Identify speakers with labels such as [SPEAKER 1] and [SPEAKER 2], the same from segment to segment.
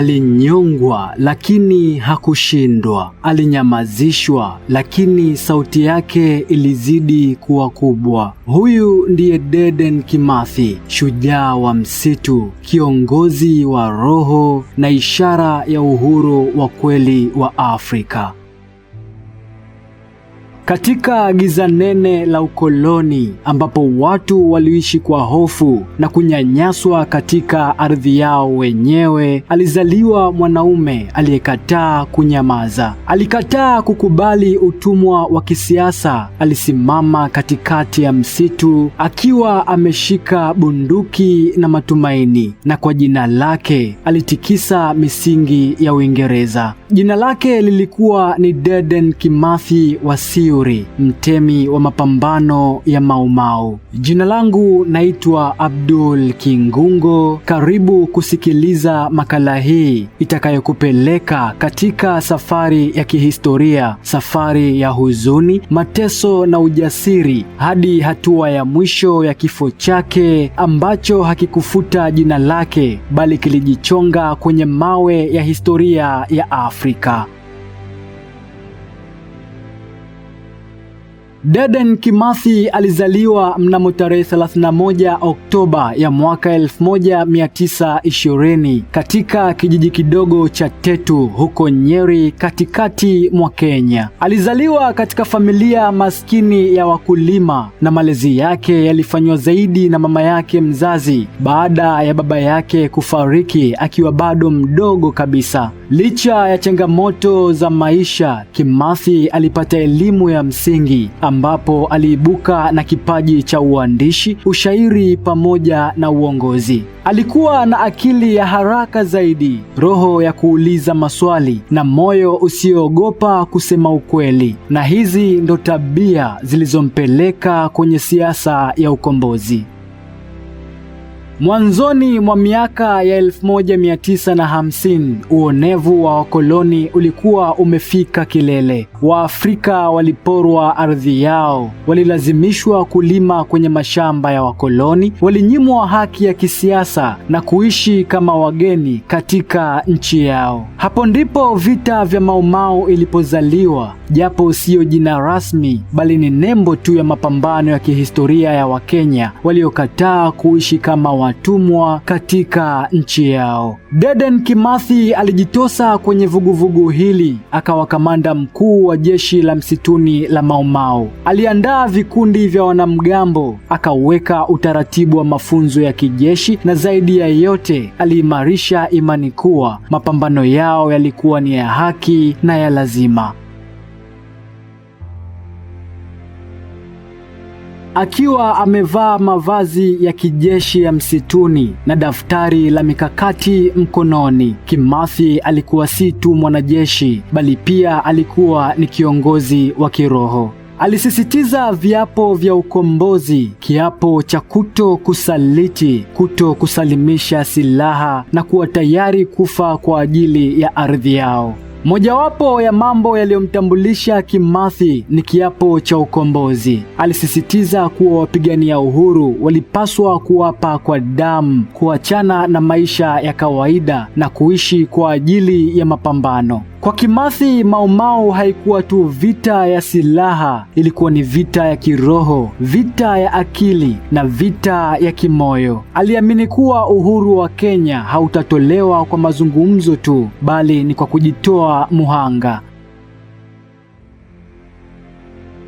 [SPEAKER 1] Alinyongwa lakini hakushindwa, alinyamazishwa lakini sauti yake ilizidi kuwa kubwa. Huyu ndiye Dedan Kimathi, shujaa wa msitu, kiongozi wa roho na ishara ya uhuru wa kweli wa Afrika. Katika giza nene la ukoloni ambapo watu waliishi kwa hofu na kunyanyaswa katika ardhi yao wenyewe, alizaliwa mwanaume aliyekataa kunyamaza. Alikataa kukubali utumwa wa kisiasa. Alisimama katikati ya msitu akiwa ameshika bunduki na matumaini, na kwa jina lake alitikisa misingi ya Uingereza. Jina lake lilikuwa ni Dedan Kimathi Siu. Mashauri, mtemi wa mapambano ya Maumau. Jina langu naitwa Abdul Kingungo. Karibu kusikiliza makala hii itakayokupeleka katika safari ya kihistoria, safari ya huzuni, mateso na ujasiri hadi hatua ya mwisho ya kifo chake ambacho hakikufuta jina lake bali kilijichonga kwenye mawe ya historia ya Afrika. Dedan Kimathi alizaliwa mnamo tarehe 31 Oktoba ya mwaka 1920 katika kijiji kidogo cha Tetu huko Nyeri katikati mwa Kenya. Alizaliwa katika familia maskini ya wakulima na malezi yake yalifanywa zaidi na mama yake mzazi baada ya baba yake kufariki akiwa bado mdogo kabisa. Licha ya changamoto za maisha, Kimathi alipata elimu ya msingi ambapo aliibuka na kipaji cha uandishi, ushairi pamoja na uongozi. Alikuwa na akili ya haraka zaidi, roho ya kuuliza maswali na moyo usioogopa kusema ukweli, na hizi ndo tabia zilizompeleka kwenye siasa ya ukombozi. Mwanzoni mwa miaka ya 1950 uonevu wa wakoloni ulikuwa umefika kilele. Waafrika waliporwa ardhi yao, walilazimishwa kulima kwenye mashamba ya wakoloni, walinyimwa haki ya kisiasa na kuishi kama wageni katika nchi yao. Hapo ndipo vita vya Mau Mau ilipozaliwa, japo siyo jina rasmi, bali ni nembo tu ya mapambano ya kihistoria ya Wakenya waliokataa kuishi kama wa watumwa katika nchi yao. Dedan Kimathi alijitosa kwenye vuguvugu vugu hili, akawa kamanda mkuu wa jeshi la msituni la Maumau. Aliandaa vikundi vya wanamgambo, akaweka utaratibu wa mafunzo ya kijeshi, na zaidi ya yote aliimarisha imani kuwa mapambano yao yalikuwa ni ya haki na ya lazima. akiwa amevaa mavazi ya kijeshi ya msituni na daftari la mikakati mkononi. Kimathi alikuwa si tu mwanajeshi, bali pia alikuwa ni kiongozi wa kiroho. Alisisitiza viapo vya ukombozi, kiapo cha kuto kusaliti, kuto kusalimisha silaha na kuwa tayari kufa kwa ajili ya ardhi yao. Mojawapo ya mambo yaliyomtambulisha Kimathi ni kiapo cha ukombozi. Alisisitiza kuwa wapigania uhuru walipaswa kuapa kwa damu, kuachana na maisha ya kawaida na kuishi kwa ajili ya mapambano. Kwa Kimathi, Maumau haikuwa tu vita ya silaha, ilikuwa ni vita ya kiroho, vita ya akili na vita ya kimoyo. Aliamini kuwa uhuru wa Kenya hautatolewa kwa mazungumzo tu, bali ni kwa kujitoa muhanga.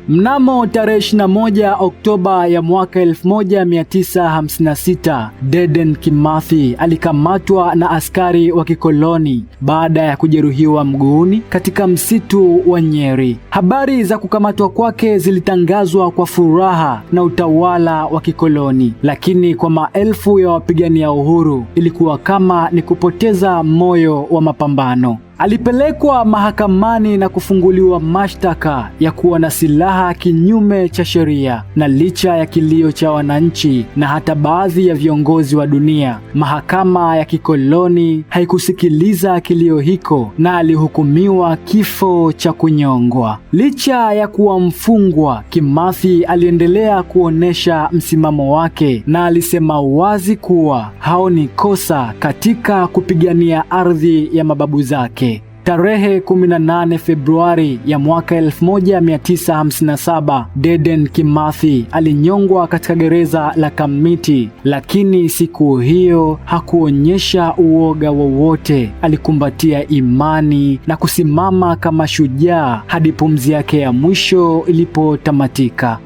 [SPEAKER 1] Mnamo tarehe 21 Oktoba ya mwaka 1956, Dedan Kimathi alikamatwa na askari wa kikoloni baada ya kujeruhiwa mguuni katika msitu wa Nyeri. Habari za kukamatwa kwake zilitangazwa kwa furaha na utawala wa kikoloni, lakini kwa maelfu ya wapigania uhuru ilikuwa kama ni kupoteza moyo wa mapambano. Alipelekwa mahakamani na kufunguliwa mashtaka ya kuwa na silaha kinyume cha sheria, na licha ya kilio cha wananchi na hata baadhi ya viongozi wa dunia, mahakama ya kikoloni haikusikiliza kilio hiko na alihukumiwa kifo cha kunyongwa. Licha ya kuwa mfungwa, Kimathi aliendelea kuonesha msimamo wake na alisema wazi kuwa haoni kosa katika kupigania ardhi ya mababu zake. Tarehe 18 Februari ya mwaka 1957, Dedan Kimathi alinyongwa katika gereza la Kamiti, lakini siku hiyo hakuonyesha uoga wowote. Alikumbatia imani na kusimama kama shujaa hadi pumzi yake ya mwisho ilipotamatika.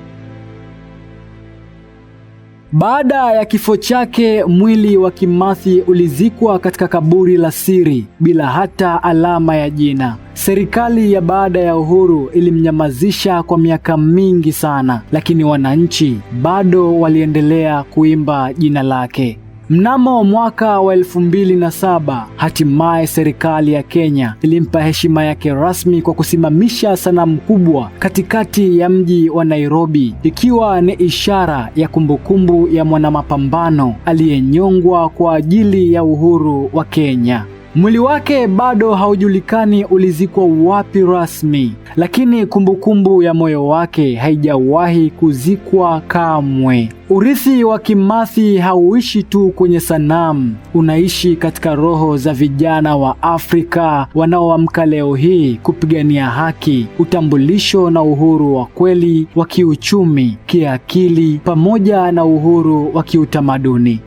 [SPEAKER 1] Baada ya kifo chake, mwili wa Kimathi ulizikwa katika kaburi la siri bila hata alama ya jina. Serikali ya baada ya uhuru ilimnyamazisha kwa miaka mingi sana, lakini wananchi bado waliendelea kuimba jina lake. Mnamo mwaka wa elfu mbili na saba hatimaye serikali ya Kenya ilimpa heshima yake rasmi kwa kusimamisha sanamu kubwa katikati ya mji wa Nairobi, ikiwa ni ishara ya kumbukumbu ya mwanamapambano aliyenyongwa kwa ajili ya uhuru wa Kenya. Mwili wake bado haujulikani ulizikwa wapi rasmi, lakini kumbukumbu kumbu ya moyo wake haijawahi kuzikwa kamwe. Urithi wa Kimathi hauishi tu kwenye sanamu, unaishi katika roho za vijana wa Afrika wanaoamka leo hii kupigania haki, utambulisho na uhuru wa kweli wa kiuchumi, kiakili pamoja na uhuru wa kiutamaduni.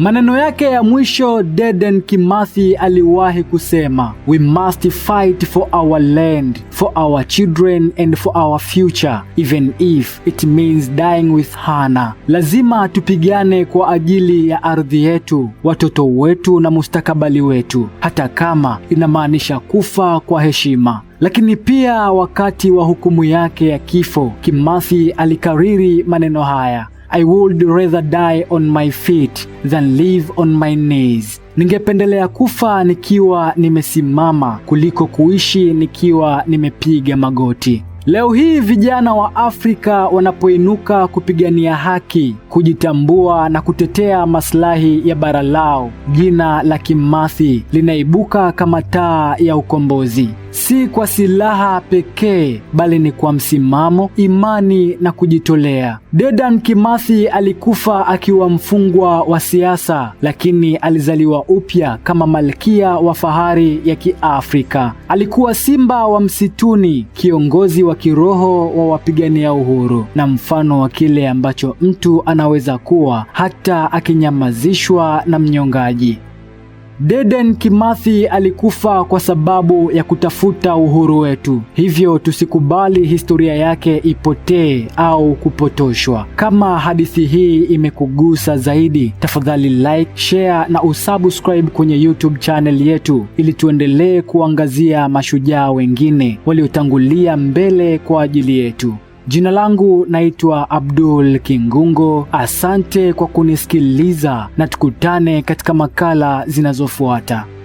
[SPEAKER 1] Maneno yake ya mwisho Dedan Kimathi aliwahi kusema, we must fight for our land, for our children and for our future even if it means dying with Hana. Lazima tupigane kwa ajili ya ardhi yetu, watoto wetu na mustakabali wetu, hata kama inamaanisha kufa kwa heshima. Lakini pia wakati wa hukumu yake ya kifo, Kimathi alikariri maneno haya I would rather die on my feet than live on my knees. Ningependelea kufa nikiwa nimesimama kuliko kuishi nikiwa nimepiga magoti. Leo hii vijana wa Afrika wanapoinuka kupigania haki, kujitambua na kutetea maslahi ya bara lao, jina la Kimathi linaibuka kama taa ya ukombozi si kwa silaha pekee, bali ni kwa msimamo, imani na kujitolea. Dedan Kimathi alikufa akiwa mfungwa wa siasa, lakini alizaliwa upya kama malkia wa fahari ya Kiafrika. Alikuwa simba wa msituni, kiongozi wa kiroho wa wapigania uhuru, na mfano wa kile ambacho mtu anaweza kuwa hata akinyamazishwa na mnyongaji. Dedan Kimathi alikufa kwa sababu ya kutafuta uhuru wetu, hivyo tusikubali historia yake ipotee au kupotoshwa. Kama hadithi hii imekugusa zaidi, tafadhali like, share na usubscribe kwenye YouTube channel yetu ili tuendelee kuangazia mashujaa wengine waliotangulia mbele kwa ajili yetu. Jina langu naitwa Abdul Kingungo. Asante kwa kunisikiliza na tukutane katika makala zinazofuata.